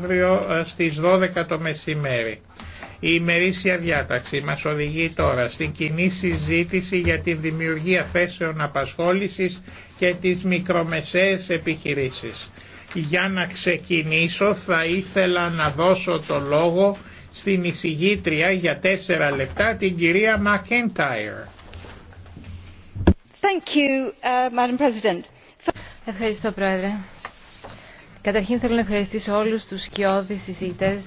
αύριο ε, στις 12 το μεσημέρι. Η ημερήσια διάταξη μας οδηγεί τώρα στην κοινή συζήτηση για τη δημιουργία θέσεων απασχόλησης και τις μικρομεσαίες επιχειρήσεις. Για να ξεκινήσω θα ήθελα να δώσω το λόγο στην εισηγήτρια για τέσσερα λεπτά την κυρία Μακέντάιρ. Thank you, uh, Ευχαριστώ Πρόεδρε. Καταρχήν θέλω να ευχαριστήσω όλους τους σκιώδεις συζήτε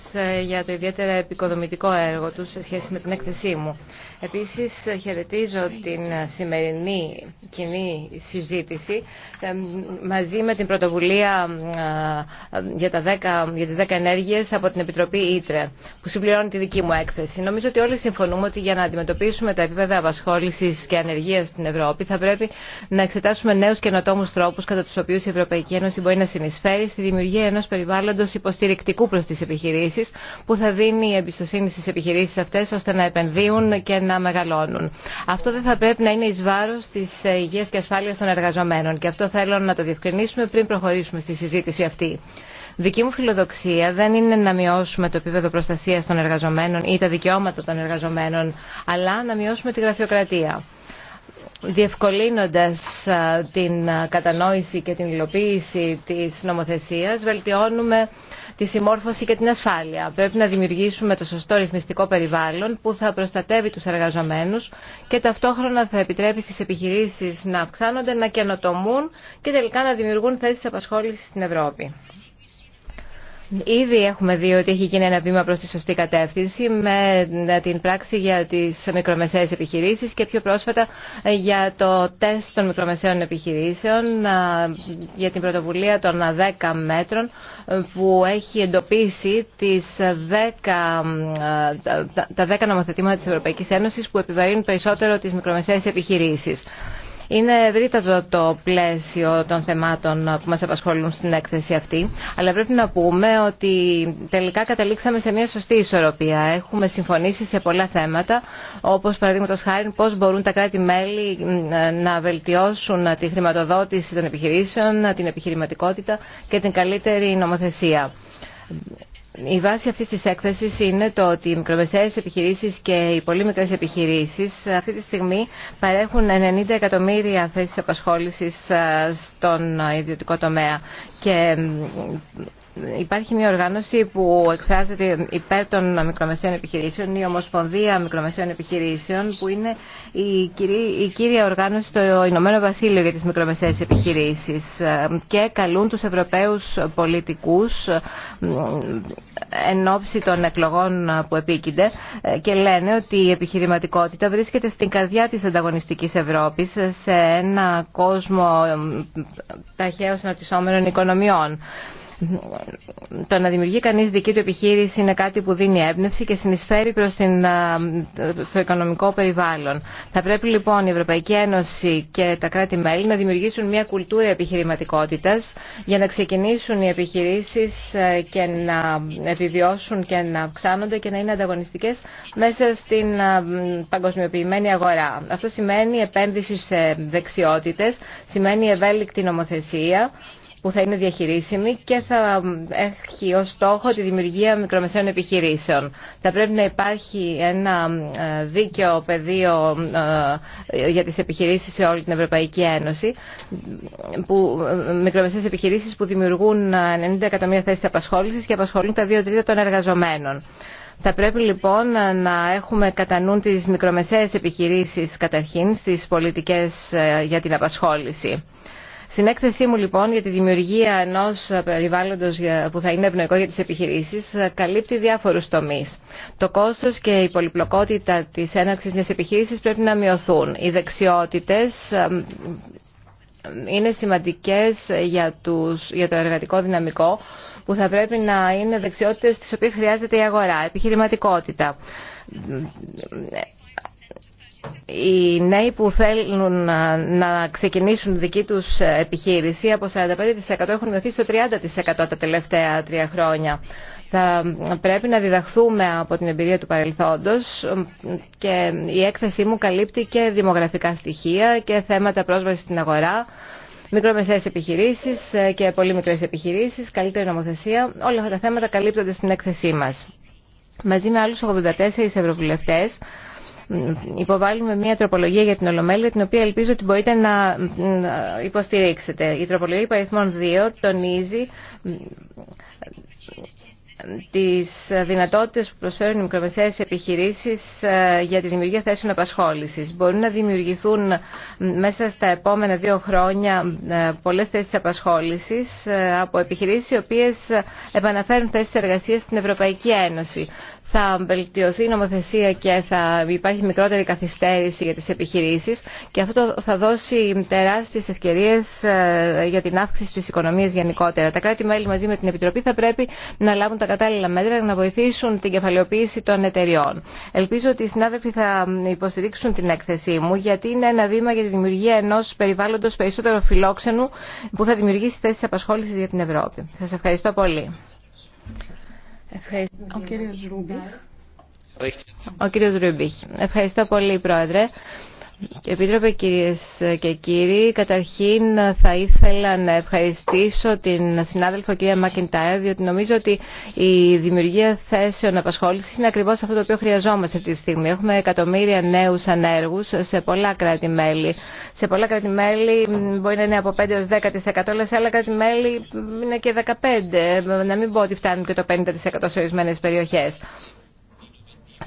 για το ιδιαίτερα επικοδομητικό έργο του σε σχέση με την έκθεσή μου. Επίσης χαιρετίζω την σημερινή κοινή συζήτηση ε, μαζί με την πρωτοβουλία ε, για, τα 10, για τις 10 ενέργειες από την Επιτροπή Ήτρε που συμπληρώνει τη δική μου έκθεση. Νομίζω ότι όλοι συμφωνούμε ότι για να αντιμετωπίσουμε τα επίπεδα απασχόλησης και ανεργίας στην Ευρώπη θα πρέπει να εξετάσουμε νέους καινοτόμους τρόπους κατά τους οποίους η Ευρωπαϊκή Ένωση μπορεί να συνεισφέρει δημιουργία ενό περιβάλλοντο υποστηρικτικού προ τι επιχειρήσει που θα δίνει εμπιστοσύνη στι επιχειρήσει αυτέ ώστε να επενδύουν και να μεγαλώνουν. Αυτό δεν θα πρέπει να είναι ει βάρο τη ε, υγεία και ασφάλεια των εργαζομένων και αυτό θέλω να το διευκρινίσουμε πριν προχωρήσουμε στη συζήτηση αυτή. Δική μου φιλοδοξία δεν είναι να μειώσουμε το επίπεδο προστασία των εργαζομένων ή τα δικαιώματα των εργαζομένων, αλλά να μειώσουμε τη γραφειοκρατία διευκολύνοντας την κατανόηση και την υλοποίηση της νομοθεσίας, βελτιώνουμε τη συμμόρφωση και την ασφάλεια. Πρέπει να δημιουργήσουμε το σωστό ρυθμιστικό περιβάλλον που θα προστατεύει τους εργαζομένους και ταυτόχρονα θα επιτρέπει στις επιχειρήσεις να αυξάνονται, να καινοτομούν και τελικά να δημιουργούν θέσεις απασχόλησης στην Ευρώπη. Ήδη έχουμε δει ότι έχει γίνει ένα βήμα προς τη σωστή κατεύθυνση με την πράξη για τις μικρομεσαίες επιχειρήσεις και πιο πρόσφατα για το τεστ των μικρομεσαίων επιχειρήσεων για την πρωτοβουλία των 10 μέτρων που έχει εντοπίσει τις 10, τα 10 νομοθετήματα της Ευρωπαϊκής Ένωσης που επιβαρύνουν περισσότερο τις μικρομεσαίες επιχειρήσεις. Είναι ευρύτατο το πλαίσιο των θεμάτων που μας απασχολούν στην έκθεση αυτή, αλλά πρέπει να πούμε ότι τελικά καταλήξαμε σε μια σωστή ισορροπία. Έχουμε συμφωνήσει σε πολλά θέματα, όπως παραδείγματος χάρη πώς μπορούν τα κράτη-μέλη να βελτιώσουν τη χρηματοδότηση των επιχειρήσεων, την επιχειρηματικότητα και την καλύτερη νομοθεσία η βάση αυτής της έκθεσης είναι το ότι οι μικρομεσαίες επιχειρήσεις και οι πολύ μικρές επιχειρήσεις ε, αυτή τη στιγμή παρέχουν 90 εκατομμύρια θέσεις απασχόλησης ε, στον ε, ιδιωτικό τομέα και υπάρχει μια οργάνωση που εκφράζεται υπέρ των μικρομεσαίων επιχειρήσεων, η Ομοσπονδία Μικρομεσαίων Επιχειρήσεων, που είναι η, κυρί, η κύρια οργάνωση στο Ηνωμένο Βασίλειο για τις μικρομεσαίες επιχειρήσεις ε, και καλούν τους Ευρωπαίους πολιτικούς ε, εν ώψη των εκλογών που επίκυνται ε, και λένε ότι η επιχειρηματικότητα βρίσκεται στην καρδιά της ανταγωνιστικής Ευρώπης σε ένα κόσμο ταχαίως αναπτυσσόμενων οικονομιών το να δημιουργεί κανείς δική του επιχείρηση είναι κάτι που δίνει έμπνευση και συνεισφέρει προς την, στο οικονομικό περιβάλλον. Θα πρέπει λοιπόν η Ευρωπαϊκή Ένωση και τα κράτη-μέλη να δημιουργήσουν μια κουλτούρα επιχειρηματικότητας για να ξεκινήσουν οι επιχειρήσεις ε, και να επιβιώσουν και να αυξάνονται και να είναι ανταγωνιστικές μέσα στην παγκοσμιοποιημένη αγορά. Αυτό σημαίνει επένδυση σε δεξιότητες, σημαίνει ευέλικτη νομοθεσία που θα είναι διαχειρίσιμη και θα έχει ως στόχο τη δημιουργία μικρομεσαίων επιχειρήσεων. Θα πρέπει να υπάρχει ένα ε, δίκαιο πεδίο ε, ε, για τις επιχειρήσεις σε όλη την Ευρωπαϊκή Ένωση, που, μικρομεσαίες επιχειρήσεις που δημιουργούν 90 εκατομμύρια θέσεις απασχόλησης και απασχολούν τα 2 τρίτα των εργαζομένων. Θα πρέπει λοιπόν να έχουμε κατά νου τις μικρομεσαίες επιχειρήσεις καταρχήν στις πολιτικές για την απασχόληση. Στην έκθεσή μου λοιπόν για τη δημιουργία ενός περιβάλλοντος που θα είναι ευνοϊκό για τις επιχειρήσεις καλύπτει διάφορους τομείς. Το κόστος και η πολυπλοκότητα της έναρξης μιας επιχείρησης πρέπει να μειωθούν. Οι δεξιότητες είναι σημαντικές για, για το εργατικό δυναμικό που θα πρέπει να είναι δεξιότητες τις οποίες χρειάζεται η αγορά, επιχειρηματικότητα οι νέοι που θέλουν να ξεκινήσουν δική τους επιχείρηση από 45% έχουν μειωθεί στο 30% τα τελευταία τρία χρόνια. Θα πρέπει να διδαχθούμε από την εμπειρία του παρελθόντος και η έκθεσή μου καλύπτει και δημογραφικά στοιχεία και θέματα πρόσβαση στην αγορά, μικρομεσαίες επιχειρήσεις και πολύ μικρές επιχειρήσεις, καλύτερη νομοθεσία. Όλα αυτά τα θέματα καλύπτονται στην έκθεσή μας. Μαζί με άλλους 84 ευρωβουλευτές Υποβάλλουμε μια τροπολογία για την Ολομέλεια, την οποία ελπίζω ότι μπορείτε να υποστηρίξετε. Η τροπολογία υπαριθμών 2 τονίζει τις δυνατότητες που προσφέρουν οι μικρομεσαίες επιχειρήσεις ε, για τη δημιουργία θέσεων απασχόλησης. Μπορούν να δημιουργηθούν μέσα στα επόμενα δύο χρόνια ε, πολλές θέσεις απασχόλησης ε, από επιχειρήσεις οι οποίες επαναφέρουν θέσεις εργασίας στην Ευρωπαϊκή Ένωση θα βελτιωθεί η νομοθεσία και θα υπάρχει μικρότερη καθυστέρηση για τις επιχειρήσεις και αυτό θα δώσει τεράστιες ευκαιρίες ε, για την αύξηση της οικονομίας γενικότερα. Τα κράτη-μέλη μαζί με την Επιτροπή θα πρέπει να λάβουν τα κατάλληλα μέτρα να βοηθήσουν την κεφαλαιοποίηση των εταιριών. Ελπίζω ότι οι συνάδελφοι θα υποστηρίξουν την έκθεσή μου γιατί είναι ένα βήμα για τη δημιουργία ενός περιβάλλοντος περισσότερο φιλόξενου που θα δημιουργήσει θέσεις απασχόλησης για την Ευρώπη. Σας ευχαριστώ πολύ. Ευχαριστώ. Ο κύριος Ρούμπιχ. Ο κύριος Ρούμπιχ. Ευχαριστώ πολύ, Πρόεδρε. Επίτροπε κυρίες και κύριοι, καταρχήν θα ήθελα να ευχαριστήσω την συνάδελφο κυρία Μακιντάιρ, διότι νομίζω ότι η δημιουργία θέσεων απασχόλησης είναι ακριβώς αυτό το οποίο χρειαζόμαστε αυτή τη στιγμή. Έχουμε εκατομμύρια νέους ανέργους σε πολλά κράτη-μέλη. Σε πολλά κράτη-μέλη μπορεί να είναι από 5 έως 10% αλλά σε άλλα κράτη-μέλη είναι και 15%. Να μην πω ότι φτάνουν και το 50% σε ορισμένε περιοχέ.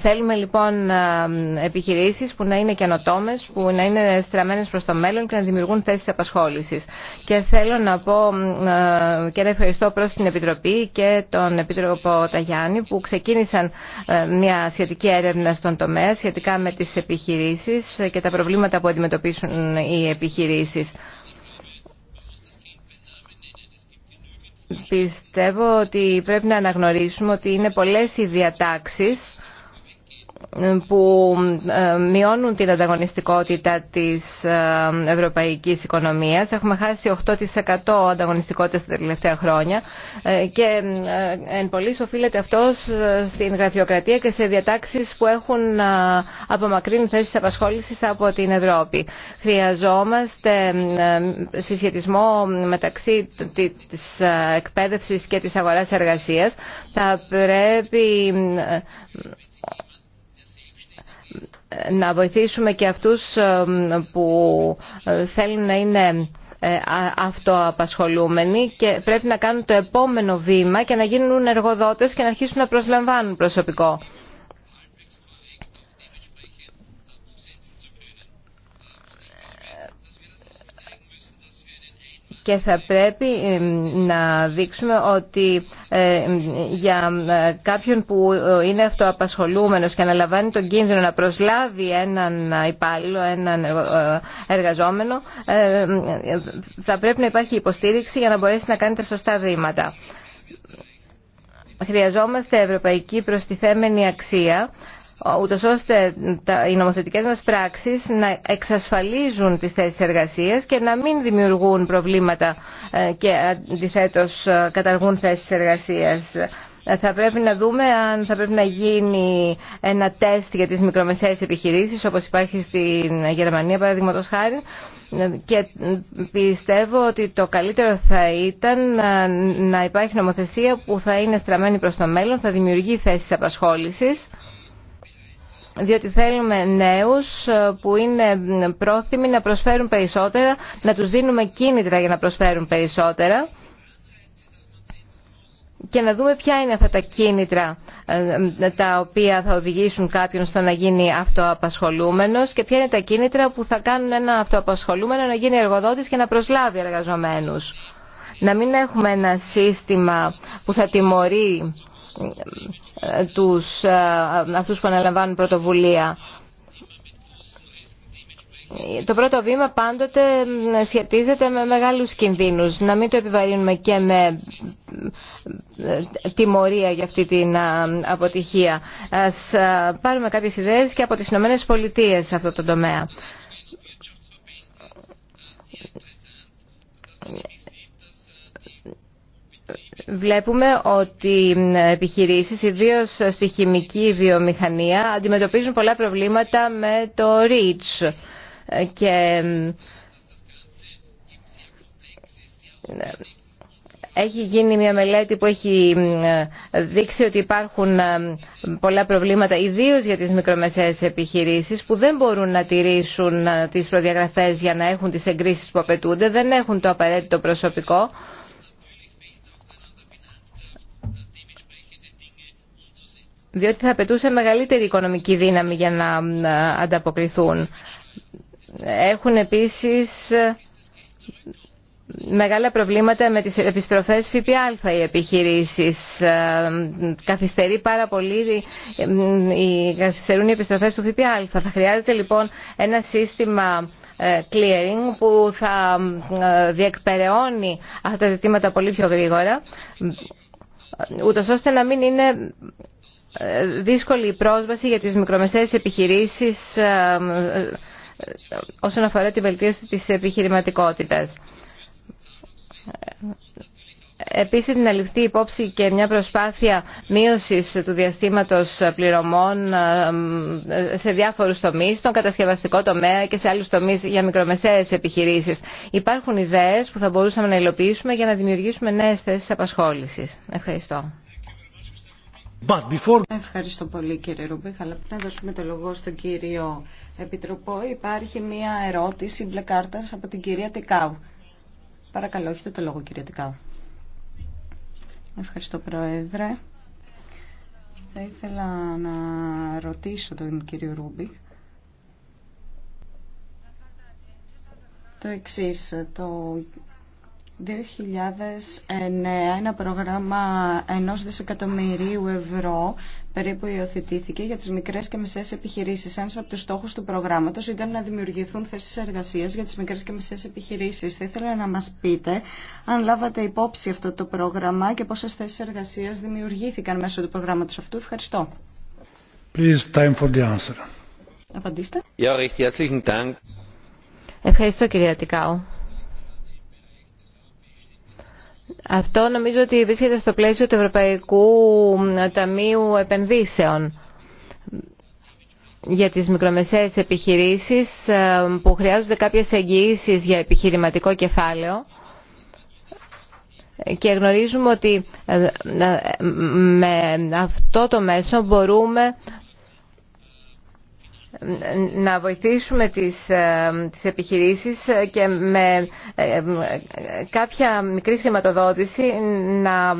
Θέλουμε λοιπόν ε, επιχειρήσεις που να είναι καινοτόμε, που να είναι στραμμένες προς το μέλλον και να δημιουργούν θέσεις απασχόληση. Και θέλω να πω ε, και να ευχαριστώ προ την Επιτροπή και τον Επίτροπο Ταγιάννη που ξεκίνησαν ε, μια σχετική έρευνα στον τομέα σχετικά με τις επιχειρήσεις και τα προβλήματα που αντιμετωπίσουν οι επιχειρήσει. Πιστεύω ότι πρέπει να αναγνωρίσουμε ότι είναι πολλές οι διατάξεις που ε, μειώνουν την ανταγωνιστικότητα της ε, ευρωπαϊκής οικονομίας. Έχουμε χάσει 8% ανταγωνιστικότητα στα τελευταία χρόνια ε, και εν πολύ οφείλεται αυτός στην γραφειοκρατία και σε διατάξεις που έχουν απομακρύνει θέσεις απασχόλησης από την Ευρώπη. Χρειαζόμαστε συσχετισμό μεταξύ της εκπαίδευσης και της αγοράς εργασίας. Θα πρέπει να βοηθήσουμε και αυτούς ε, που ε, θέλουν να είναι ε, αυτοαπασχολούμενοι και πρέπει να κάνουν το επόμενο βήμα και να γίνουν εργοδότες και να αρχίσουν να προσλαμβάνουν προσωπικό. και θα πρέπει να δείξουμε ότι ε, για ε, κάποιον που ε, είναι αυτοαπασχολούμενος και αναλαμβάνει τον κίνδυνο να προσλάβει έναν υπάλληλο, έναν εργαζόμενο θα πρέπει να υπάρχει υποστήριξη για να μπορέσει να κάνει τα σωστά βήματα. Χρειαζόμαστε ευρωπαϊκή προστιθέμενη αξία ούτως ώστε οι νομοθετικές μας πράξεις να εξασφαλίζουν τις θέσεις εργασίας και να μην δημιουργούν προβλήματα ε, και αντιθέτως ε, καταργούν θέσεις εργασίας. Ε, θα πρέπει να δούμε αν θα πρέπει να γίνει ένα τεστ για τις μικρομεσαίες επιχειρήσεις όπως υπάρχει στην Γερμανία παραδείγματος χάρη και πιστεύω ότι το καλύτερο θα ήταν να υπάρχει νομοθεσία που θα είναι στραμμένη προς το μέλλον, θα δημιουργεί θέσεις απασχόλησης διότι θέλουμε νέους ε, που είναι πρόθυμοι να προσφέρουν περισσότερα, να τους δίνουμε κίνητρα για να προσφέρουν περισσότερα και να δούμε ποια είναι αυτά τα κίνητρα ε, τα οποία θα οδηγήσουν κάποιον στο να γίνει αυτοαπασχολούμενος και ποια είναι τα κίνητρα που θα κάνουν ένα αυτοαπασχολούμενο να γίνει εργοδότης και να προσλάβει εργαζομένους. Να μην έχουμε ένα σύστημα που θα τιμωρεί ε, τους, ε, αυτούς που αναλαμβάνουν πρωτοβουλία. Το πρώτο βήμα πάντοτε σχετίζεται με μεγάλους κινδύνους. Να μην το επιβαρύνουμε και με τιμωρία για αυτή την αποτυχία. Ας πάρουμε κάποιες ιδέες και από τις Ηνωμένες Πολιτείες σε αυτό το τομέα. Βλέπουμε ότι επιχειρήσεις, ιδίως στη χημική βιομηχανία, αντιμετωπίζουν πολλά προβλήματα με το REACH. Και έχει γίνει μια μελέτη που έχει δείξει ότι υπάρχουν πολλά προβλήματα, ιδίως για τις μικρομεσαίες επιχειρήσεις που δεν μπορούν να τηρήσουν ε, τις προδιαγραφές για να έχουν τις εγκρίσεις που απαιτούνται, δεν έχουν το απαραίτητο προσωπικό διότι θα απαιτούσε μεγαλύτερη οικονομική δύναμη για να ε, ανταποκριθούν. Έχουν επίσης ε, μεγάλα προβλήματα με τις επιστροφές ΦΠΑ οι επιχειρήσεις. Ε, καθυστερεί πάρα πολύ, καθυστερούν οι επιστροφές του ΦΠΑ. Θα χρειάζεται λοιπόν ένα σύστημα clearing που θα διεκπεραιώνει αυτά τα ζητήματα πολύ πιο γρήγορα, ούτως ώστε να μην είναι ε, δύσκολη η πρόσβαση για τις μικρομεσαίες επιχειρήσεις ε, ε, όσον αφορά την βελτίωση της επιχειρηματικότητας. Επίσης, να ληφθεί υπόψη και μια προσπάθεια μείωσης του διαστήματος πληρωμών σε διάφορους τομείς, στον κατασκευαστικό τομέα και σε άλλους τομείς για μικρομεσαίες επιχειρήσεις. Υπάρχουν ιδέες που θα μπορούσαμε να υλοποιήσουμε για να δημιουργήσουμε νέες θέσεις απασχόλησης. Ευχαριστώ. Ευχαριστώ πολύ κύριε Ρούμπιχ αλλά πριν να δώσουμε το λόγο στον κύριο Επιτροπό, υπάρχει μία ερώτηση μπλε κάρτα από την κυρία Τικάου. Παρακαλώ, έχετε το λόγο κυρία Τικάου. Ευχαριστώ Πρόεδρε. Θα ήθελα να ρωτήσω τον κύριο Ρούμπιχ το εξής. Το 2009 ένα πρόγραμμα ενός δισεκατομμυρίου ευρώ περίπου υιοθετήθηκε για τις μικρές και μεσαίες επιχειρήσεις. Ένας από τους στόχους του προγράμματος ήταν να δημιουργηθούν θέσεις εργασίας για τις μικρές και μεσαίες επιχειρήσεις. Θα ήθελα να μας πείτε αν λάβατε υπόψη αυτό το πρόγραμμα και πόσες θέσεις εργασίας δημιουργήθηκαν μέσω του προγράμματος αυτού. Ευχαριστώ. Please, time for the answer. Απαντήστε. Ευχαριστώ κυρία Τικάου. Αυτό νομίζω ότι βρίσκεται στο πλαίσιο του Ευρωπαϊκού Ταμείου Επενδύσεων για τις μικρομεσαίες επιχειρήσεις ε, που χρειάζονται κάποιες εγγυήσεις για επιχειρηματικό κεφάλαιο και γνωρίζουμε ότι ε, ε, με αυτό το μέσο μπορούμε να βοηθήσουμε τις, ε, τις επιχειρήσεις ε, και με ε, κάποια μικρή χρηματοδότηση να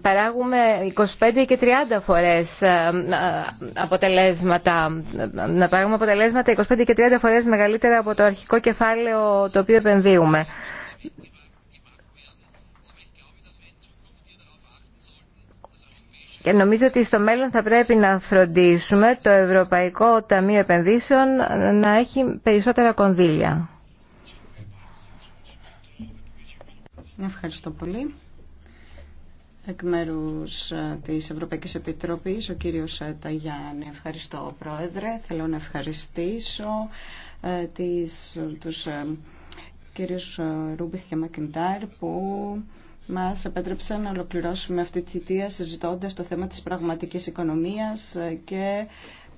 παράγουμε 25 και 30 φορές αποτελέσματα να παράγουμε αποτελέσματα 25 και 30 φορές μεγαλύτερα από το αρχικό κεφάλαιο το οποίο επενδύουμε. Και νομίζω ότι στο μέλλον θα πρέπει να φροντίσουμε το Ευρωπαϊκό Ταμείο Επενδύσεων να έχει περισσότερα κονδύλια. Ευχαριστώ πολύ. Εκ μέρου ε, τη Ευρωπαϊκή Επιτροπή, ο κύριο ε, Ταγιάννη. Ευχαριστώ, Πρόεδρε. Θέλω να ευχαριστήσω ε, τις, τους ε, κύριους ε, Ρούμπιχ και Μακιντάρ που μας επέτρεψε να ολοκληρώσουμε αυτή τη θητεία συζητώντας το θέμα της πραγματικής οικονομίας και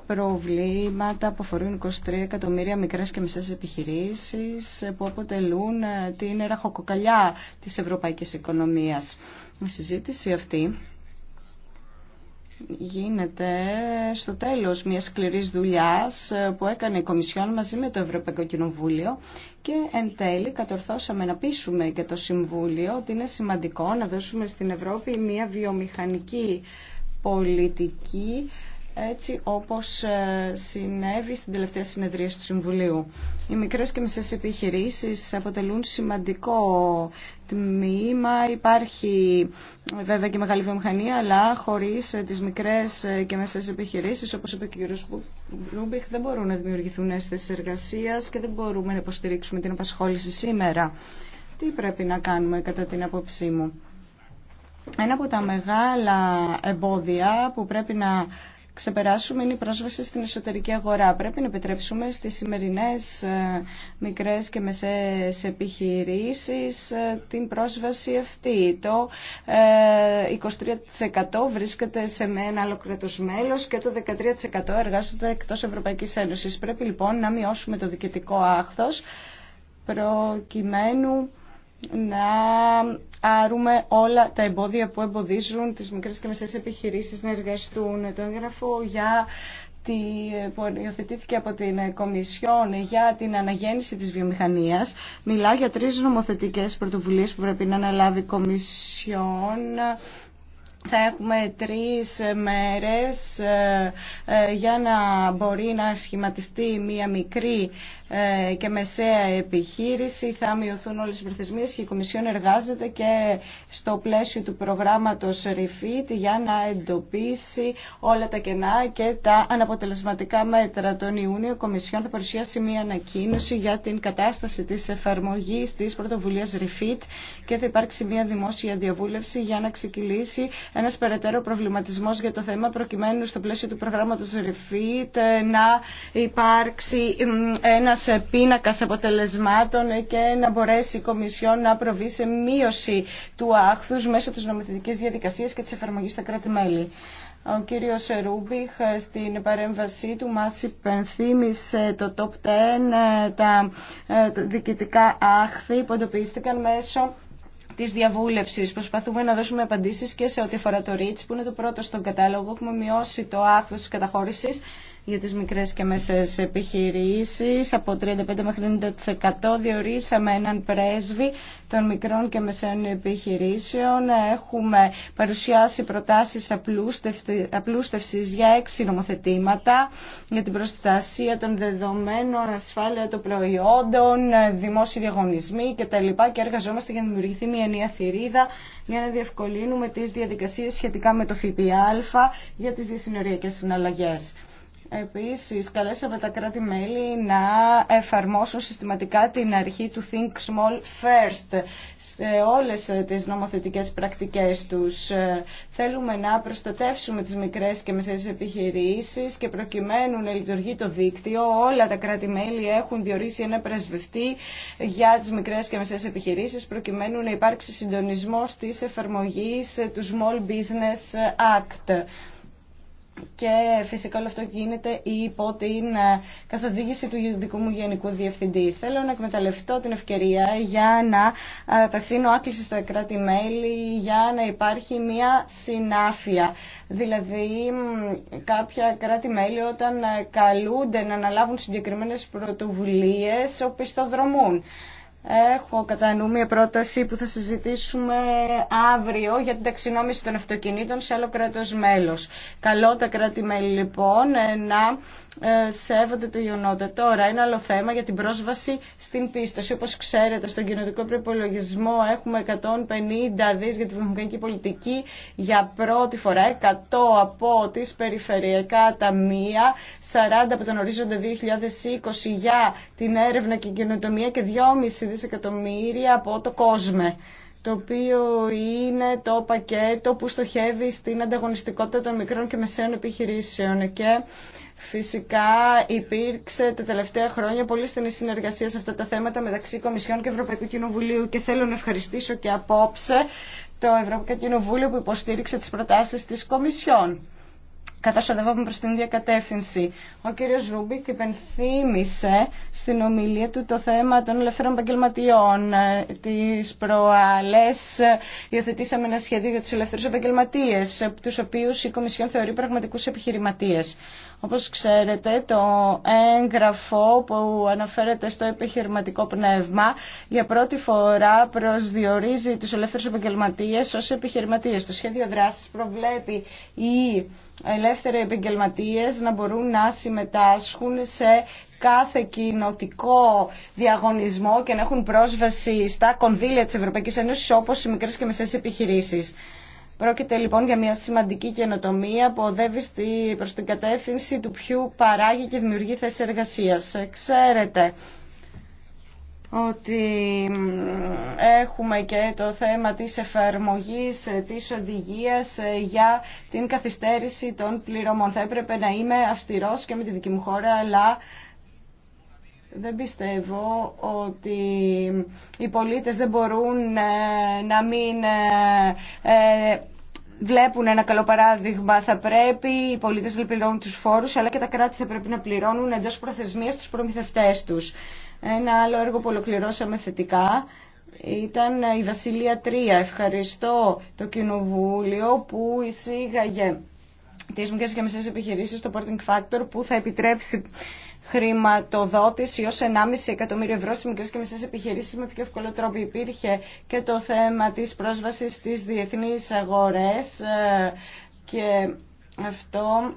προβλήματα που αφορούν 23 εκατομμύρια μικρές και μισές επιχειρήσεις που αποτελούν την ραχοκοκαλιά της ευρωπαϊκής οικονομίας. Η συζήτηση αυτή γίνεται στο τέλος μιας σκληρής δουλειάς ε, που έκανε η Κομισιόν μαζί με το Ευρωπαϊκό Κοινοβούλιο και εν τέλει κατορθώσαμε να πείσουμε και το Συμβούλιο ότι είναι σημαντικό να δώσουμε στην Ευρώπη μια βιομηχανική πολιτική έτσι όπως ε, συνέβη στην τελευταία συνεδρία του Συμβουλίου. Οι μικρές και μισές επιχειρήσεις αποτελούν σημαντικό τμήμα. Υπάρχει βέβαια και μεγάλη βιομηχανία, αλλά χωρίς ε, τις μικρές ε, και μισές επιχειρήσεις, όπως είπε και ο κ. Ρούμπιχ, δεν μπορούν να δημιουργηθούν αίσθηση εργασία και δεν μπορούμε να υποστηρίξουμε την απασχόληση σήμερα. Τι πρέπει να κάνουμε κατά την απόψή μου. Ένα από τα μεγάλα εμπόδια που πρέπει να ξεπεράσουμε είναι η πρόσβαση στην εσωτερική αγορά. Πρέπει να επιτρέψουμε στις σημερινές ε, μικρές και μεσαίες επιχειρήσεις ε, την πρόσβαση αυτή. Το 23% ε, βρίσκεται σε ένα άλλο κράτος μέλος και το 13% εργάζονται εκτός Ευρωπαϊκής Ένωσης. Πρέπει λοιπόν να μειώσουμε το διοικητικό άχθος προκειμένου να άρουμε όλα τα εμπόδια που εμποδίζουν τις μικρές και μεσαίες επιχειρήσεις να εργαστούν. Το έγγραφο για τη, που υιοθετήθηκε από την Κομισιόν για την αναγέννηση της βιομηχανίας μιλά για τρεις νομοθετικές πρωτοβουλίες που πρέπει να αναλάβει η Κομισιόν θα έχουμε τρεις μέρες ε, ε, για να μπορεί να σχηματιστεί μία μικρή ε, και μεσαία επιχείρηση. Θα μειωθούν όλες οι προθεσμίες και η Κομισιόν εργάζεται και στο πλαίσιο του προγράμματος REFIT για να εντοπίσει όλα τα κενά και τα αναποτελεσματικά μέτρα. Τον Ιούνιο η Κομισιόν θα παρουσιάσει μία ανακοίνωση για την κατάσταση της εφαρμογής της πρωτοβουλίας REFIT και θα υπάρξει μία δημόσια διαβούλευση για να ξεκινήσει ένας περαιτέρω προβληματισμός για το θέμα προκειμένου στο πλαίσιο του προγράμματος REFIT ε, να υπάρξει ένας πίνακας αποτελεσμάτων και να μπορέσει η Κομισιόν να προβεί σε μείωση του άχθους μέσω της νομοθετικής διαδικασίας και της εφαρμογής στα κράτη-μέλη. Ο κύριος Ρούμπιχ ε, στην παρέμβασή του μας υπενθύμησε το top 10, ε, τα διοικητικά άχθη που εντοπίστηκαν μέσω Τη διαβούλευση. Προσπαθούμε να δώσουμε απαντήσει και σε ό,τι αφορά το REACH, που είναι το πρώτο στον κατάλογο. Έχουμε μειώσει το άκρο τη καταχώρηση για τις μικρές και μεσές επιχειρήσεις από 35 μέχρι 90% διορίσαμε έναν πρέσβη των μικρών και μεσαίων επιχειρήσεων. Έχουμε παρουσιάσει προτάσεις απλούστευσης για έξι νομοθετήματα για την προστασία των δεδομένων, ασφάλεια των προϊόντων, δημόσιοι διαγωνισμοί κτλ. Και εργαζόμαστε για να δημιουργηθεί μια νέα θηρίδα για να διευκολύνουμε τις διαδικασίες σχετικά με το ΦΠΑ για τις διασυνοριακές συναλλαγές. Επίσης, καλέσαμε τα κράτη-μέλη να εφαρμόσουν συστηματικά την αρχή του Think Small First σε όλες τις νομοθετικές πρακτικές τους. Θέλουμε να προστατεύσουμε τις μικρές και μεσαίες επιχειρήσεις και προκειμένου να λειτουργεί το δίκτυο, όλα τα κράτη-μέλη έχουν διορίσει ένα πρεσβευτή για τις μικρές και μεσαίες επιχειρήσεις προκειμένου να υπάρξει συντονισμός της εφαρμογής του Small Business Act και φυσικά όλο αυτό γίνεται υπό την ε, καθοδήγηση του δικού μου Γενικού Διευθυντή. Θέλω να εκμεταλλευτώ την ευκαιρία για να ε, απευθύνω άκληση στα κράτη-μέλη για να υπάρχει μια συνάφεια. Δηλαδή κάποια κράτη-μέλη όταν ε, καλούνται να αναλάβουν συγκεκριμένες πρωτοβουλίες οπισθοδρομούν. Έχω κατά νου μια πρόταση που θα συζητήσουμε αύριο για την ταξινόμηση των αυτοκινήτων σε άλλο κράτος μέλος. Καλό τα κράτη-μέλη λοιπόν ε, να ε, σέβονται το γεγονότα. Τώρα ένα άλλο θέμα για την πρόσβαση στην πίστοση. Όπως ξέρετε στον κοινωτικό προπολογισμό έχουμε 150 δις για τη βιομηχανική πολιτική για πρώτη φορά 100 από τις περιφερειακά ταμεία 40 από τον ορίζοντα 2020 για την έρευνα και καινοτομία και 2,5 δισεκατομμύρια από το κόσμο το οποίο είναι το πακέτο που στοχεύει στην ανταγωνιστικότητα των μικρών και μεσαίων επιχειρήσεων και Φυσικά υπήρξε τα τελευταία χρόνια πολύ στενή συνεργασία σε αυτά τα θέματα μεταξύ Κομισιών και Ευρωπαϊκού Κοινοβουλίου και θέλω να ευχαριστήσω και απόψε το Ευρωπαϊκό Κοινοβούλιο που υποστήριξε τις προτάσεις της Κομισιόν καθώς προ προς την ίδια κατεύθυνση. Ο κύριος Ρούμπικ υπενθύμησε στην ομιλία του το θέμα των ελευθερών επαγγελματιών. Ε, τις προαλές υιοθετήσαμε ένα σχέδιο για τους ελευθερούς επαγγελματίες, ε, τους οποίους η Κομισιόν θεωρεί πραγματικούς επιχειρηματίες. Όπως ξέρετε, το έγγραφο που αναφέρεται στο επιχειρηματικό πνεύμα για πρώτη φορά προσδιορίζει τους ελεύθερους επαγγελματίες ως επιχειρηματίες. Το σχέδιο δράσης προβλέπει οι ελεύθεροι επαγγελματίες να μπορούν να συμμετάσχουν σε κάθε κοινοτικό διαγωνισμό και να έχουν πρόσβαση στα κονδύλια της Ευρωπαϊκής Ένωσης όπως οι μικρές και μεσαίες επιχειρήσεις. Πρόκειται λοιπόν για μια σημαντική καινοτομία που οδεύει προ την κατεύθυνση του ποιου παράγει και δημιουργεί θέσει εργασία. Ξέρετε ότι έχουμε και το θέμα της εφαρμογής ε, της οδηγίας ε, για την καθυστέρηση των πληρωμών. Θα έπρεπε να είμαι αυστηρός και με τη δική μου χώρα, αλλά δεν πιστεύω ότι οι πολίτες δεν μπορούν ε, να μην βλέπουν ένα καλό παράδειγμα. Θα πρέπει οι πολίτε να πληρώνουν του φόρου, αλλά και τα κράτη θα πρέπει να πληρώνουν εντό προθεσμίας του προμηθευτέ του. Ένα άλλο έργο που ολοκληρώσαμε θετικά ήταν η Βασιλεία 3. Ευχαριστώ το Κοινοβούλιο που εισήγαγε τι μικρέ και μεσαίε επιχειρήσει στο Porting Factor που θα επιτρέψει χρηματοδότηση ω 1,5 εκατομμύριο ευρώ στι μικρέ και μεσέ επιχειρήσει με πιο εύκολο τρόπο. Υπήρχε και το θέμα τη πρόσβαση στι διεθνεί αγορέ. Ε, και αυτό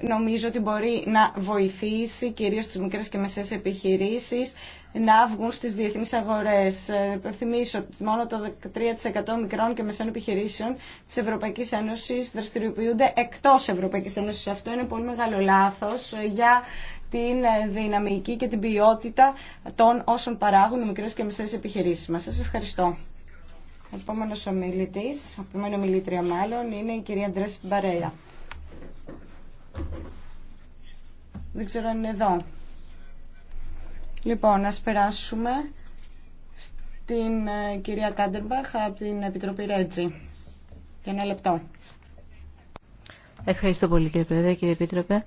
νομίζω ότι μπορεί να βοηθήσει κυρίως τις μικρές και μεσαίες επιχειρήσεις να βγουν στις διεθνείς αγορές. Ε, υπενθυμίσω ότι μόνο το 13% μικρών και μεσαίων επιχειρήσεων της Ευρωπαϊκής Ένωσης δραστηριοποιούνται εκτός Ευρωπαϊκής Ένωσης. Αυτό είναι πολύ μεγάλο λάθος ε, για την ε, δυναμική και την ποιότητα των όσων παράγουν οι μικρές και μεσαίες επιχειρήσεις μας. Σας ευχαριστώ. Ο επόμενος ομιλητής, ο επόμενος μάλλον, είναι η κυρία Ντρέσ Μπαρέα. Δεν ξέρω αν είναι εδώ. Λοιπόν, ας περάσουμε στην ε, κυρία Κάντερμπαχ από την Επιτροπή Ρέτζη. Για ένα λεπτό. Ευχαριστώ πολύ κύριε Πρόεδρε, κύριε Επίτροπε.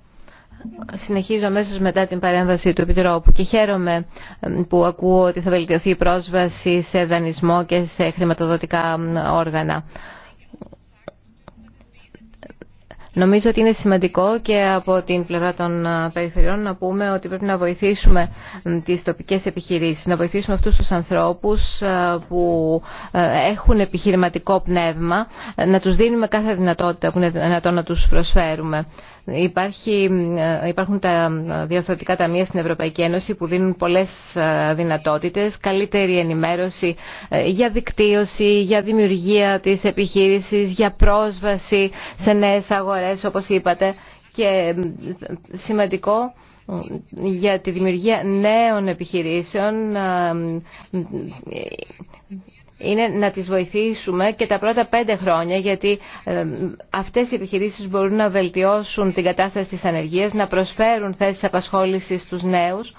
Συνεχίζω αμέσω μετά την παρέμβαση του Επιτρόπου και χαίρομαι ε, που ακούω ότι θα βελτιωθεί η πρόσβαση σε δανεισμό και σε χρηματοδοτικά όργανα. Νομίζω ότι είναι σημαντικό και από την πλευρά των περιφερειών να πούμε ότι πρέπει να βοηθήσουμε τις τοπικές επιχειρήσεις, να βοηθήσουμε αυτούς τους ανθρώπους που έχουν επιχειρηματικό πνεύμα, ε, να τους δίνουμε κάθε δυνατότητα που είναι δυνατόν να τους προσφέρουμε. Υπάρχει, ε, υπάρχουν τα διαρθρωτικά ταμεία στην Ευρωπαϊκή Ένωση που δίνουν πολλές ε, δυνατότητες, καλύτερη ενημέρωση ε, για δικτύωση, για δημιουργία της επιχείρησης, για πρόσβαση σε νέες αγορές όπως είπατε και σημαντικό για τη δημιουργία νέων επιχειρήσεων είναι να τις βοηθήσουμε και τα πρώτα πέντε χρόνια γιατί αυτές οι επιχειρήσεις μπορούν να βελτιώσουν την κατάσταση της ανεργίας, να προσφέρουν θέσεις απασχόλησης στους νέους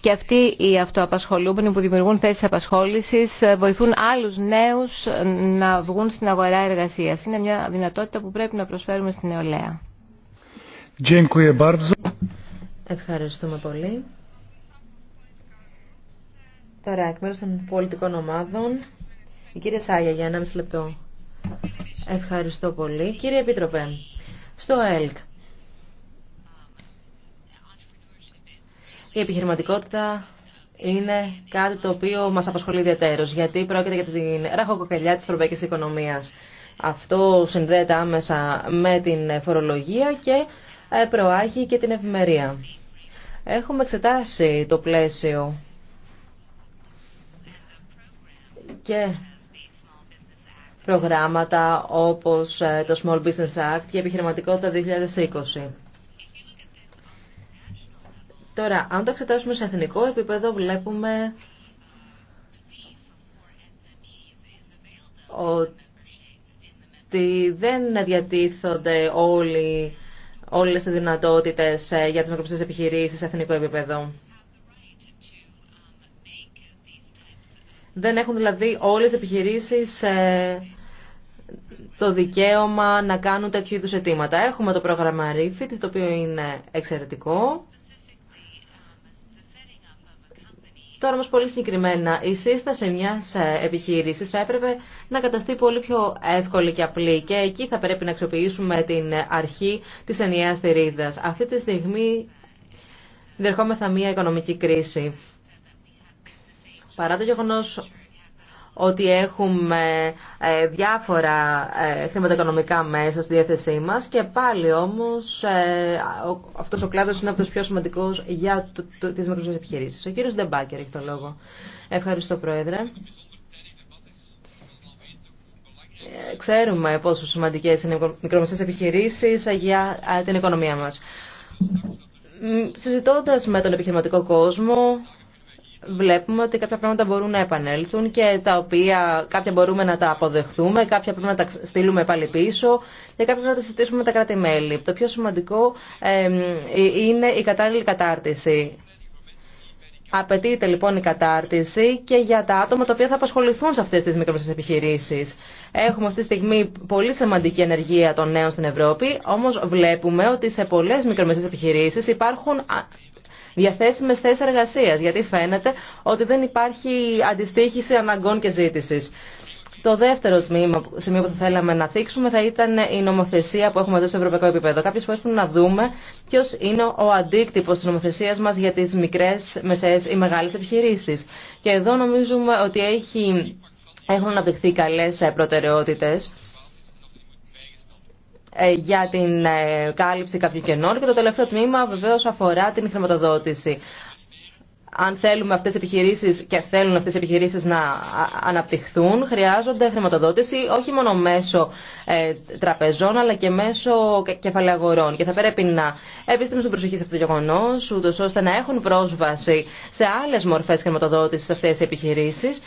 και αυτοί οι αυτοαπασχολούμενοι που δημιουργούν θέσεις απασχόλησης ε, βοηθούν άλλους νέους ε, να βγουν στην αγορά εργασίας. Είναι μια δυνατότητα που πρέπει να προσφέρουμε στην νεολαία. Ευχαριστούμε πολύ. Τώρα, εκ μέρους των πολιτικών ομάδων, η κυρία Σάγια για 1,5 λεπτό. Ευχαριστώ πολύ. Κύριε Επίτροπε, στο ΕΛΚ, η επιχειρηματικότητα είναι κάτι το οποίο μας απασχολεί ιδιαίτερως, γιατί πρόκειται για την ραχοκοκαλιά της ευρωπαϊκής οικονομίας. Αυτό συνδέεται άμεσα με την φορολογία και ε, προάγει και την ευημερία. Έχουμε εξετάσει το πλαίσιο και προγράμματα όπως ε, το Small Business Act και επιχειρηματικότητα 2020. Τώρα, αν το εξετάσουμε σε εθνικό επίπεδο, βλέπουμε ότι δεν διατίθονται όλοι, όλες οι δυνατότητες ε, για τις μικροπιστές επιχειρήσεις σε εθνικό επίπεδο. Δεν έχουν δηλαδή όλες οι επιχειρήσεις ε, το δικαίωμα να κάνουν τέτοιου είδους αιτήματα. Έχουμε το πρόγραμμα Refit, το οποίο είναι εξαιρετικό. Τώρα όμως πολύ συγκεκριμένα, η σύσταση μιας ε, επιχείρησης θα έπρεπε να καταστεί πολύ πιο εύκολη και απλή και εκεί θα πρέπει να αξιοποιήσουμε την αρχή της ενιαίας θηρίδας. Αυτή τη στιγμή διερχόμεθα μια οικονομική κρίση Παρά το γεγονός ότι έχουμε ε, διάφορα ε, χρηματοοικονομικά μέσα στη διάθεσή μας και πάλι όμως ε, αυτός ο κλάδος είναι από τους πιο σημαντικούς για τις μικρομεσαίες επιχειρήσεις. Ο κύριος Ντεμπάκερ έχει το λόγο. Ευχαριστώ Πρόεδρε. Ξέρουμε πόσο σημαντικές είναι οι μικρομεσαίες επιχειρήσεις για την οικονομία μας. Συζητώντας με τον επιχειρηματικό κόσμο, βλέπουμε ότι κάποια πράγματα μπορούν να επανέλθουν και τα οποία κάποια μπορούμε να τα αποδεχθούμε, κάποια πρέπει να τα στείλουμε πάλι πίσω και κάποια πρέπει να τα συζητήσουμε με τα κράτη-μέλη. Το πιο σημαντικό ε, είναι η κατάλληλη κατάρτιση. Απαιτείται λοιπόν η κατάρτιση και για τα άτομα τα οποία θα απασχοληθούν σε αυτέ τι μικρομεσαίε επιχειρήσει. Έχουμε αυτή τη στιγμή πολύ σημαντική ενεργεία των νέων στην Ευρώπη, όμω βλέπουμε ότι σε πολλέ μικρομεσαίε επιχειρήσει υπάρχουν διαθέσιμες θέσει εργασία, γιατί φαίνεται ότι δεν υπάρχει αντιστοίχηση αναγκών και ζήτηση. Το δεύτερο τμήμα, σημείο που θα θέλαμε να θίξουμε θα ήταν η νομοθεσία που έχουμε εδώ σε ευρωπαϊκό επίπεδο. Κάποιε φορέ πρέπει να δούμε ποιο είναι ο αντίκτυπο τη νομοθεσία μα για τι μικρέ, μεσαίε ή μεγάλε επιχειρήσει. Και εδώ νομίζουμε ότι έχει, έχουν αναπτυχθεί καλέ προτεραιότητε ε, για την ε, κάλυψη κάποιων κενών και το τελευταίο τμήμα βεβαίως αφορά την χρηματοδότηση. Αν θέλουμε αυτές οι επιχειρήσεις και θέλουν αυτές οι επιχειρήσεις να αναπτυχθούν, χρειάζονται χρηματοδότηση όχι μόνο μέσω ε, τραπεζών αλλά και μέσω αγορών Και θα πρέπει να επιστρέψουν προσοχή σε αυτό το γεγονό, ούτως ώστε να έχουν πρόσβαση σε άλλες μορφές χρηματοδότησης αυτές οι επιχειρήσεις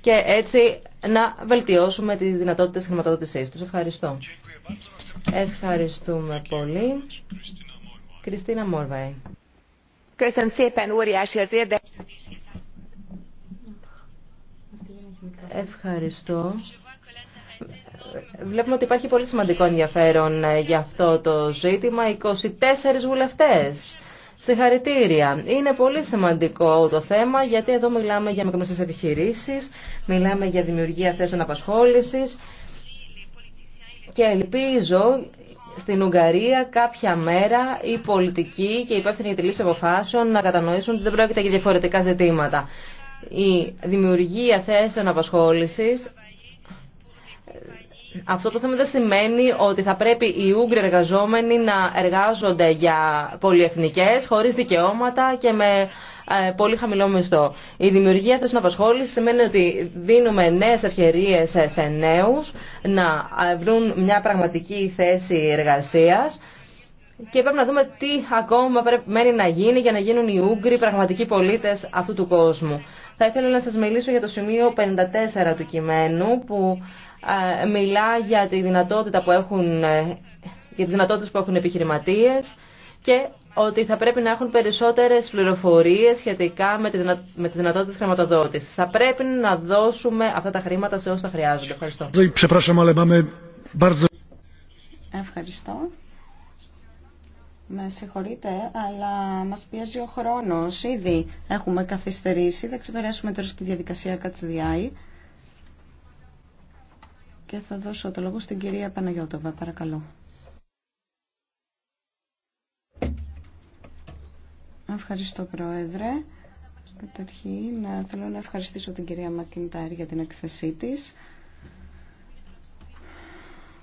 και έτσι να βελτιώσουμε τις δυνατότητες χρηματοδότησής τους. Ευχαριστώ. Ευχαριστούμε πολύ. Κριστίνα Μόρβαη. Ευχαριστώ. Βλέπουμε ότι υπάρχει πολύ σημαντικό ενδιαφέρον για αυτό το ζήτημα. 24 βουλευτές Συγχαρητήρια. Είναι πολύ σημαντικό το θέμα γιατί εδώ μιλάμε για μικρομεσαίε επιχειρήσει, μιλάμε για δημιουργία θέσεων απασχόλησης και ελπίζω στην Ουγγαρία κάποια μέρα οι πολιτικοί και οι υπεύθυνοι τη λήψη αποφάσεων να κατανοήσουν ότι δεν πρόκειται για διαφορετικά ζητήματα. Η δημιουργία θέσεων απασχόληση αυτό το θέμα δεν σημαίνει ότι θα πρέπει οι Ούγγροι εργαζόμενοι να εργάζονται για πολυεθνικές, χωρίς δικαιώματα και με ε, πολύ χαμηλό μισθό. Η δημιουργία θέσεων απασχόληση σημαίνει ότι δίνουμε νέες ευκαιρίες σε νέους να ε, βρουν μια πραγματική θέση εργασίας και πρέπει να δούμε τι ακόμα πρέπει, να γίνει για να γίνουν οι Ούγγροι πραγματικοί πολίτες αυτού του κόσμου. Θα ήθελα να σας μιλήσω για το σημείο 54 του κειμένου που μιλά για τη δυνατότητα που έχουν, ε, για τις δυνατότητες που έχουν επιχειρηματίες και ότι θα πρέπει να έχουν περισσότερες πληροφορίες σχετικά με, τη δυνα... με τις δυνατότητες χρηματοδότησης. Θα πρέπει να δώσουμε αυτά τα χρήματα σε όσους τα χρειάζονται. Ευχαριστώ. Ευχαριστώ. Με συγχωρείτε, αλλά μας πιέζει ο χρόνος. Ήδη έχουμε καθυστερήσει. Θα ξεπεράσουμε τώρα στη διαδικασία Κατσδιάη και θα δώσω το λόγο στην κυρία Παναγιώτοβα. Παρακαλώ. Ευχαριστώ, Πρόεδρε. Καταρχήν, θέλω να ευχαριστήσω την κυρία Μακιντάρ για την εκθεσή της.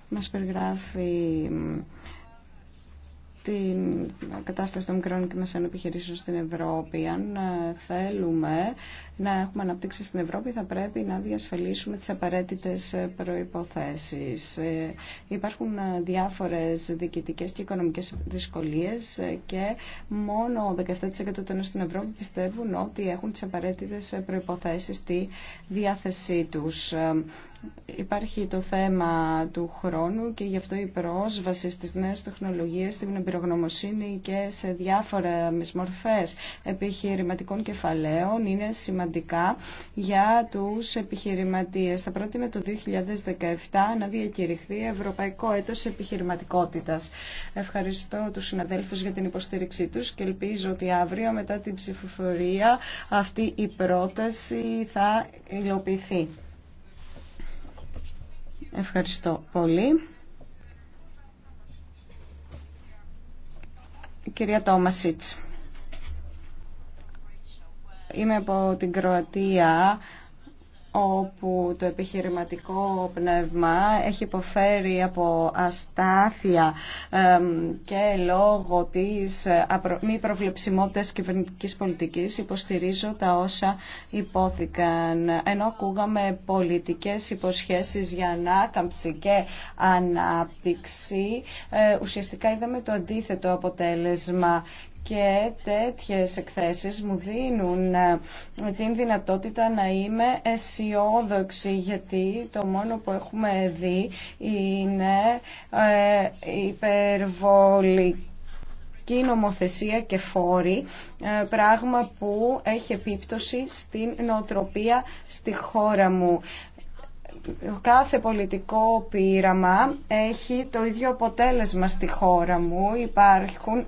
Μας περιγράφει την κατάσταση των μικρών και μεσαίων επιχειρήσεων στην Ευρώπη. Αν ε, θέλουμε να έχουμε αναπτύξει στην Ευρώπη θα πρέπει να διασφαλίσουμε τις απαραίτητες προϋποθέσεις. Ε, υπάρχουν διάφορες διοικητικές και οικονομικές δυσκολίες ε, και μόνο 17% των στην Ευρώπη πιστεύουν ότι έχουν τις απαραίτητες προϋποθέσεις στη διάθεσή τους. Ε, υπάρχει το θέμα του χρόνου και γι' αυτό η πρόσβαση στις νέες τεχνολογίες, στην εμπειρογνωμοσύνη και σε διάφορες μορφές επιχειρηματικών κεφαλαίων είναι για τους επιχειρηματίες. Θα πρότεινε το 2017 να διακηρυχθεί Ευρωπαϊκό Έτος Επιχειρηματικότητας. Ευχαριστώ τους συναδέλφους για την υποστήριξή τους και ελπίζω ότι αύριο μετά την ψηφοφορία αυτή η πρόταση θα υλοποιηθεί. Ευχαριστώ πολύ. Κυρία Τόμασιτς. Είμαι από την Κροατία όπου το επιχειρηματικό πνεύμα έχει υποφέρει από αστάθεια και λόγω της ε, μη προβλεψιμότητας κυβερνητικής πολιτικής υποστηρίζω τα όσα υπόθηκαν. Ενώ ακούγαμε πολιτικές υποσχέσεις για ανάκαμψη και ανάπτυξη, ε, ουσιαστικά είδαμε το αντίθετο αποτέλεσμα και τέτοιες εκθέσεις μου δίνουν ε, την δυνατότητα να είμαι αισιόδοξη γιατί το μόνο που έχουμε δει είναι ε, υπερβολική και νομοθεσία και φόροι, ε, πράγμα που έχει επίπτωση στην νοοτροπία στη χώρα μου. Κάθε πολιτικό πείραμα έχει το ίδιο αποτέλεσμα στη χώρα μου. Υπάρχουν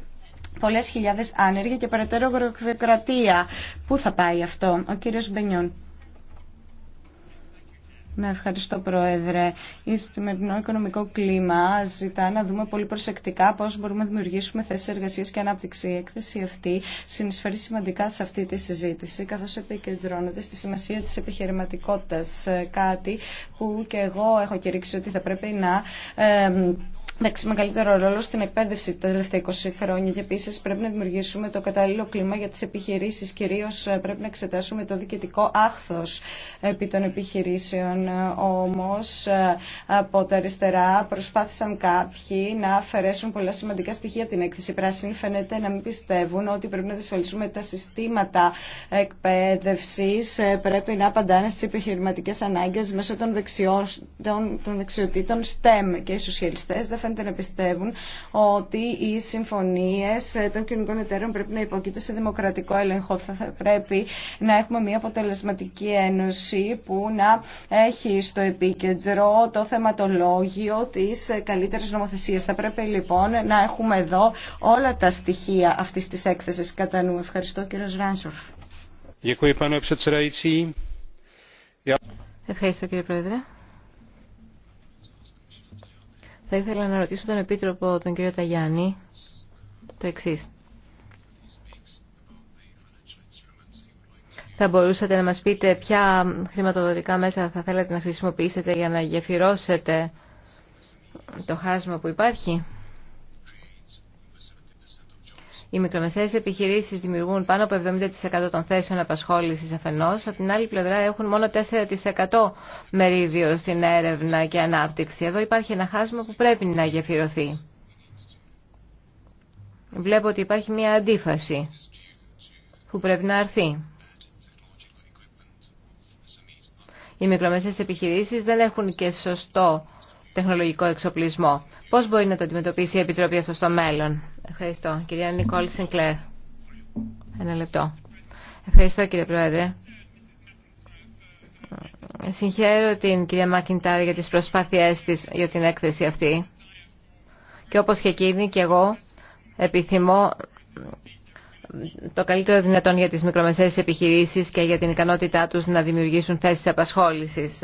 Πολλέ χιλιάδες άνεργοι και περαιτέρω γραφειοκρατία. Πού θα πάει αυτό, ο κύριος Μπενιόν. Ναι, ευχαριστώ Πρόεδρε. Η σημερινό οικονομικό κλίμα ζητά να δούμε πολύ προσεκτικά πώς μπορούμε να δημιουργήσουμε θέσει εργασία και ανάπτυξη. Η έκθεση αυτή συνεισφέρει σημαντικά σε αυτή τη συζήτηση, καθώς επικεντρώνεται στη σημασία τη επιχειρηματικότητα Κάτι που και εγώ έχω κηρύξει ότι θα πρέπει να παίξει μεγαλύτερο ρόλο στην εκπαίδευση τα τελευταία 20 χρόνια και επίση πρέπει να δημιουργήσουμε το κατάλληλο κλίμα για τι επιχειρήσει. Κυρίω ε, πρέπει να εξετάσουμε το διοικητικό άχθο επί των επιχειρήσεων. Ε, Όμω ε, από τα αριστερά προσπάθησαν κάποιοι να αφαιρέσουν πολλά σημαντικά στοιχεία από την έκθεση. Οι πράσινοι φαίνεται να μην πιστεύουν ότι πρέπει να δυσφαλίσουμε τα συστήματα εκπαίδευση. Πρέπει να απαντάνε στι επιχειρηματικέ ανάγκε μέσω των, δεξιών, των, των δεξιοτήτων STEM και οι σοσιαλιστέ φαίνεται να πιστεύουν ότι οι συμφωνίε των κοινωνικών εταίρων πρέπει να υποκείται σε δημοκρατικό έλεγχο. Θα πρέπει να έχουμε μια αποτελεσματική ένωση που να έχει στο επίκεντρο το θεματολόγιο τη καλύτερη νομοθεσία. Θα πρέπει λοιπόν να έχουμε εδώ όλα τα στοιχεία αυτή τη έκθεση κατά νου. Ευχαριστώ κύριο Ράνσοφ. Ευχαριστώ κύριε Πρόεδρε. Θα ήθελα να ρωτήσω τον Επίτροπο, τον κύριο Ταγιάννη, το εξή. Θα μπορούσατε να μας πείτε ποια χρηματοδοτικά μέσα θα θέλατε να χρησιμοποιήσετε για να γεφυρώσετε το χάσμα που υπάρχει. Οι μικρομεσαίες επιχειρήσεις δημιουργούν πάνω από 70% των θέσεων απασχόλησης αφενός, από την άλλη πλευρά έχουν μόνο 4% μερίδιο στην έρευνα και ανάπτυξη. Εδώ υπάρχει ένα χάσμα που πρέπει να γεφυρωθεί. Βλέπω ότι υπάρχει μια αντίφαση που πρέπει να αρθεί. Οι μικρομεσαίες επιχειρήσεις δεν έχουν και σωστό τεχνολογικό εξοπλισμό. Πώς μπορεί να το αντιμετωπίσει η Επιτροπή αυτό στο μέλλον. Ευχαριστώ. Κυρία Νικόλ Σινκλέρ. Ένα λεπτό. Ευχαριστώ κύριε Πρόεδρε. Συγχαίρω την κυρία Μακιντάρ για τις προσπάθειές της για την έκθεση αυτή. Και όπως και εκείνη και εγώ επιθυμώ το καλύτερο δυνατόν για τις μικρομεσαίες επιχειρήσεις και για την ικανότητά τους να δημιουργήσουν θέσεις απασχόλησης.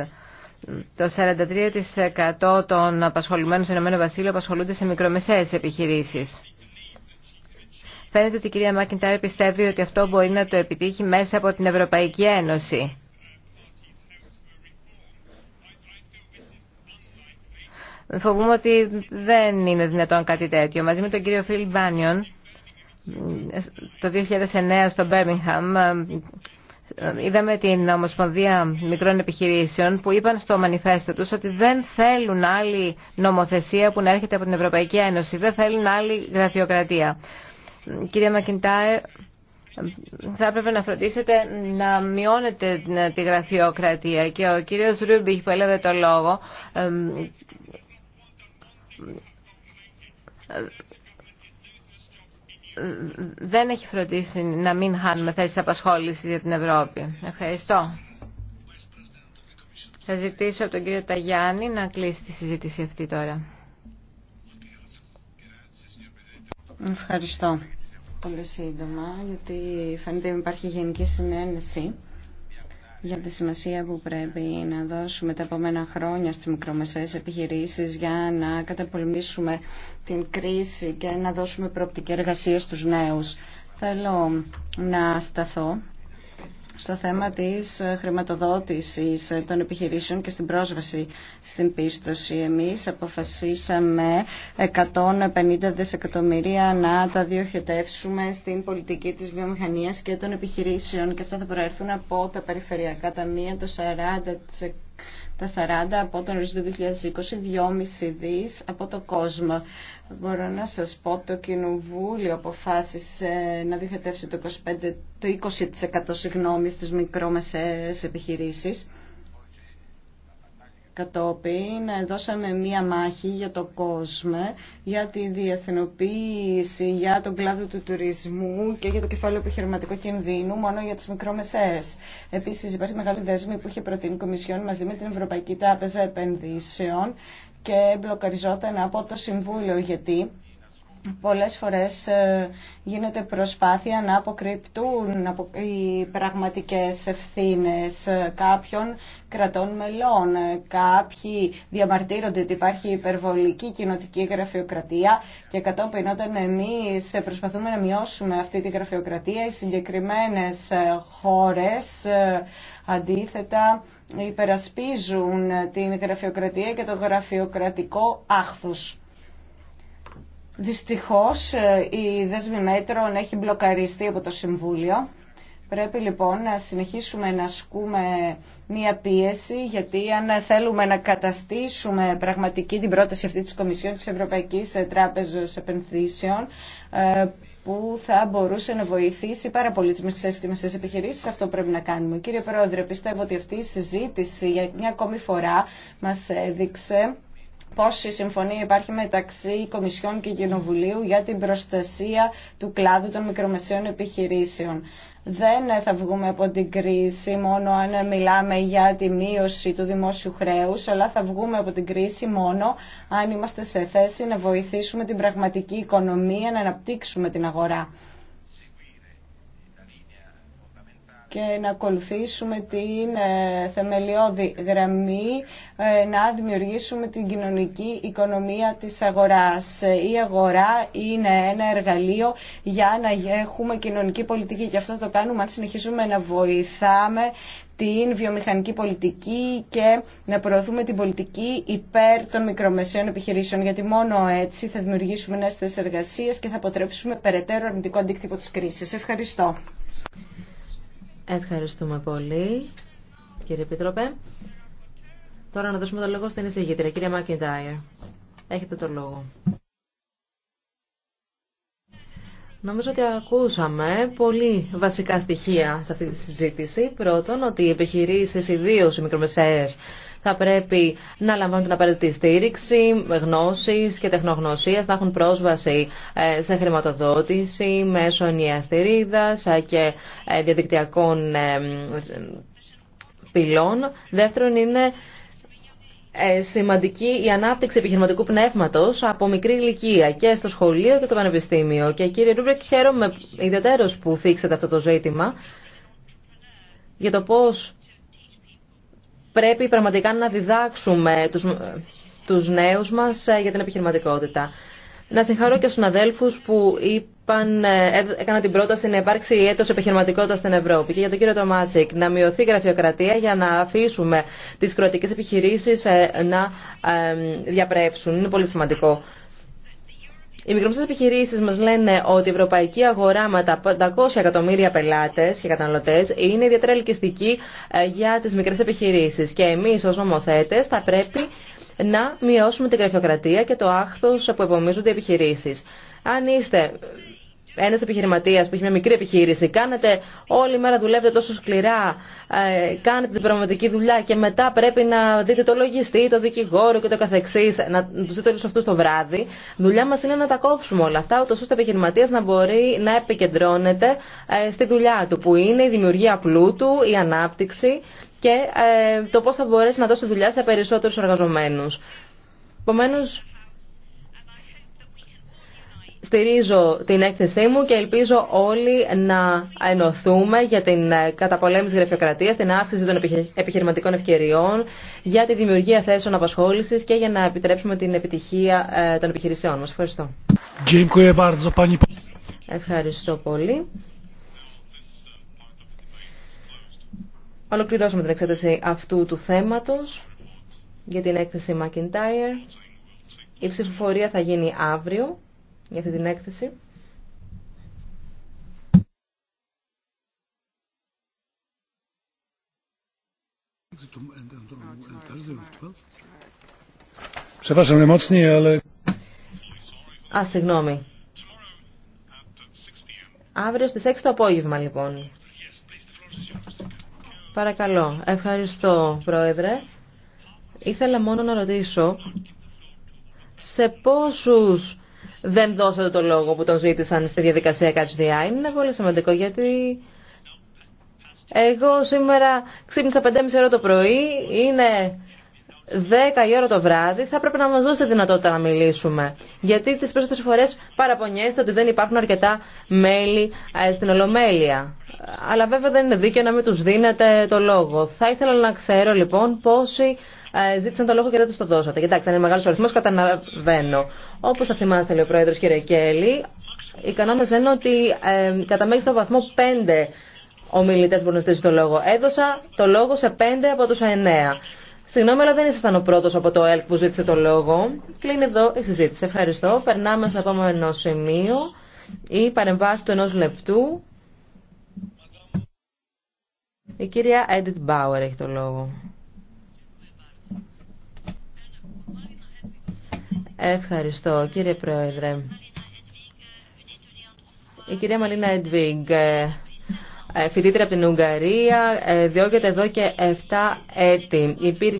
Το 43% των απασχολουμένων στο Ηνωμένο Βασίλειο απασχολούνται σε μικρομεσαίες επιχειρήσεις. Φαίνεται ότι η κυρία Μάκιντάρ πιστεύει ότι αυτό μπορεί να το επιτύχει μέσα από την Ευρωπαϊκή Ένωση. Φοβούμαι ότι δεν είναι δυνατόν κάτι τέτοιο. Μαζί με τον κύριο Φιλ Μπάνιον, το 2009 στο Μπέρμιγχαμ, είδαμε την Ομοσπονδία Μικρών Επιχειρήσεων που είπαν στο μανιφέστο τους ότι δεν θέλουν άλλη νομοθεσία που να έρχεται από την Ευρωπαϊκή Ένωση, δεν θέλουν άλλη γραφειοκρατία. Κυρία Μακιντάιρ, θα έπρεπε να φροντίσετε να μειώνετε τη γραφειοκρατία και ο κύριος Ρούμπιχ που έλαβε το λόγο δεν έχει φροντίσει να μην χάνουμε θέσεις απασχόλησης για την Ευρώπη. Ευχαριστώ. Θα ζητήσω από τον κύριο Ταγιάννη να κλείσει τη συζήτηση αυτή τώρα. Ευχαριστώ. Πολύ σύντομα, γιατί φαίνεται ότι υπάρχει γενική συνένεση για τη σημασία που πρέπει να δώσουμε τα επόμενα χρόνια στις μικρομεσαίες επιχειρήσεις για να καταπολεμήσουμε την κρίση και να δώσουμε προοπτική εργασία στους νέους. Θέλω να σταθώ στο θέμα της χρηματοδότησης των επιχειρήσεων και στην πρόσβαση στην πίστοση. Εμείς αποφασίσαμε 150 δισεκατομμυρία να τα διοχετεύσουμε στην πολιτική της βιομηχανίας και των επιχειρήσεων και αυτά θα προέρθουν από τα περιφερειακά ταμεία το 40% τα 40 από τον ορίζοντα 2020, 2,5 δις από το κόσμο. Μπορώ να σας πω, το Κοινοβούλιο αποφάσισε να διοχετεύσει το, 25, το 20% συγγνώμη στις μικρόμεσες επιχειρήσεις. Κατόπιν ε, δώσαμε μία μάχη για το κόσμο, για τη διεθνοποίηση, για τον κλάδο του τουρισμού και για το κεφάλαιο επιχειρηματικού κινδύνου, μόνο για τις μικρομεσαίες. Επίσης υπάρχει μεγάλη δέσμη που είχε προτείνει η Κομισιόν μαζί με την Ευρωπαϊκή Τράπεζα Επενδύσεων και μπλοκαριζόταν από το Συμβούλιο γιατί πολλές φορές ε, γίνεται προσπάθεια να αποκρυπτούν οι πραγματικές ευθύνες ε, κάποιων κρατών μελών. Ε, κάποιοι διαμαρτύρονται ότι υπάρχει υπερβολική κοινοτική γραφειοκρατία και κατόπιν όταν εμείς προσπαθούμε να μειώσουμε αυτή τη γραφειοκρατία, οι συγκεκριμένες χώρες αντίθετα υπερασπίζουν την γραφειοκρατία και το γραφειοκρατικό άχθος. Δυστυχώς ε, η δέσμη μέτρων έχει μπλοκαριστεί από το Συμβούλιο. Πρέπει λοιπόν να συνεχίσουμε να ασκούμε μία πίεση, γιατί αν θέλουμε να καταστήσουμε πραγματική την πρόταση αυτή της Κομισιόν της Ευρωπαϊκής Τράπεζας Επενθύσεων ε, που θα μπορούσε να βοηθήσει πάρα πολύ τι μικρέ και μεσαίε επιχειρήσει. Αυτό πρέπει να κάνουμε. Κύριε Πρόεδρε, πιστεύω ότι αυτή η συζήτηση για μια ακόμη φορά μα έδειξε πόση συμφωνία υπάρχει μεταξύ Κομισιών και Κοινοβουλίου για την προστασία του κλάδου των μικρομεσαίων επιχειρήσεων. Δεν θα βγούμε από την κρίση μόνο αν μιλάμε για τη μείωση του δημόσιου χρέους, αλλά θα βγούμε από την κρίση μόνο αν είμαστε σε θέση να βοηθήσουμε την πραγματική οικονομία να αναπτύξουμε την αγορά. και να ακολουθήσουμε την ε, θεμελιώδη γραμμή, ε, να δημιουργήσουμε την κοινωνική οικονομία της αγοράς. Η αγορά είναι ένα εργαλείο για να έχουμε κοινωνική πολιτική και αυτό το κάνουμε αν συνεχίζουμε να βοηθάμε την βιομηχανική πολιτική και να προωθούμε την πολιτική υπέρ των μικρομεσαίων επιχειρήσεων. Γιατί μόνο έτσι θα δημιουργήσουμε νέε θέσει εργασία και θα αποτρέψουμε περαιτέρω αρνητικό αντίκτυπο τη κρίση. Ευχαριστώ. Ευχαριστούμε πολύ, κύριε Επίτροπε. Τώρα να δώσουμε το λόγο στην εισηγήτρια, κύριε Μακιντάιερ. Έχετε το λόγο. Νομίζω ότι ακούσαμε πολύ βασικά στοιχεία σε αυτή τη συζήτηση. Πρώτον, ότι οι επιχειρήσεις, ιδίω οι μικρομεσαίες, θα πρέπει να λαμβάνουν την απαραίτητη στήριξη, γνώσει και τεχνογνωσία, να έχουν πρόσβαση ε, σε χρηματοδότηση μέσω ενιαστηρίδα ε, και ε, διαδικτυακών πυλών. Δεύτερον είναι σημαντική η ανάπτυξη επιχειρηματικού πνεύματος από μικρή ηλικία και στο σχολείο και το πανεπιστήμιο. Και κύριε Ρούμπρεκ, χαίρομαι ιδιαίτερως που θίξετε αυτό το ζήτημα για το πώς πρέπει πραγματικά να διδάξουμε τους, τους νέους μας ε, για την επιχειρηματικότητα. Να συγχαρώ και στους αδέλφους που είπαν, ε, ε, έκανα την πρόταση να υπάρξει η έτος επιχειρηματικότητα στην Ευρώπη και για τον κύριο Τομάτσικ να μειωθεί η γραφειοκρατία για να αφήσουμε τις κροατικές επιχειρήσεις να διαπρέψουν. Είναι πολύ σημαντικό. Οι μικρομεσαίε επιχειρήσει μας λένε ότι η ευρωπαϊκή αγορά με τα 500 εκατομμύρια πελάτες και καταναλωτές είναι ιδιαίτερα ελκυστική ε, για τις μικρές επιχειρήσεις και εμεί, ω νομοθέτε, θα πρέπει να μειώσουμε την γραφειοκρατία και το άχθο που επομίζονται οι επιχειρήσεις. Αν είστε ένα επιχειρηματία που έχει μια μικρή επιχείρηση, κάνετε όλη μέρα δουλεύετε τόσο σκληρά, ε, κάνετε την πραγματική δουλειά και μετά πρέπει να δείτε το λογιστή, το δικηγόρο και το καθεξή, να του δείτε όλου αυτού το βράδυ. Δουλειά μα είναι να τα κόψουμε όλα αυτά, ούτω ώστε ο επιχειρηματία να μπορεί να επικεντρώνεται ε, στη δουλειά του, που είναι η δημιουργία πλούτου, η ανάπτυξη και ε, το πώ θα μπορέσει να δώσει δουλειά σε περισσότερου εργαζομένου. Επομένω, Στηρίζω την έκθεσή μου και ελπίζω όλοι να ενωθούμε για την ε, καταπολέμηση γραφειοκρατίας, την αύξηση των επιχειρηματικών ευκαιριών, για τη δημιουργία θέσεων απασχόλησης και για να επιτρέψουμε την επιτυχία ε, των επιχειρησιών μας. Ευχαριστώ. Ευχαριστώ πολύ. Ολοκληρώσουμε την εξέταση αυτού του θέματος για την έκθεση McIntyre. Η ψηφοφορία θα γίνει αύριο για αυτή την έκθεση. Α, συγγνώμη. Αύριο στις 6 το απόγευμα, λοιπόν. Παρακαλώ. Ευχαριστώ, Πρόεδρε. Ήθελα μόνο να ρωτήσω σε πόσους δεν δώσατε το λόγο που τον ζήτησαν στη διαδικασία Catch the Eye. Είναι πολύ σημαντικό γιατί εγώ σήμερα ξύπνησα 5.30 ώρα το πρωί, είναι 10 η ώρα το βράδυ, θα έπρεπε να μας δώσετε δυνατότητα να μιλήσουμε. Γιατί τις περισσότερες φορές παραπονιέστε ότι δεν υπάρχουν αρκετά μέλη ε, στην Ολομέλεια. Αλλά βέβαια δεν είναι δίκαιο να μην τους δίνετε το λόγο. Θα ήθελα να ξέρω λοιπόν πόσοι ε, ζήτησαν το λόγο και δεν του το δώσατε. Κοιτάξτε, είναι μεγάλο αριθμό, καταλαβαίνω. Όπω θα θυμάστε, λέει ο Πρόεδρο, κύριε Κέλλη, οι κανόνε ότι ε, κατά μέγιστο βαθμό πέντε ομιλητέ μπορούν να ζητήσουν το λόγο. Έδωσα το λόγο σε πέντε από του εννέα. Συγγνώμη, αλλά δεν ήσασταν ο πρώτο από το ΕΛΚ που ζήτησε το λόγο. Κλείνει εδώ η συζήτηση. Ευχαριστώ. Περνάμε στο επόμενο σημείο. Η παρεμβάση του ενό λεπτού. Η κυρία Έντιτ Μπάουερ έχει το λόγο. Ευχαριστώ κύριε Πρόεδρε. Η κυρία Μαλίνα Εντβίγκ, ε, φοιτήτρια από την Ουγγαρία, ε, διώκεται εδώ και 7 έτη.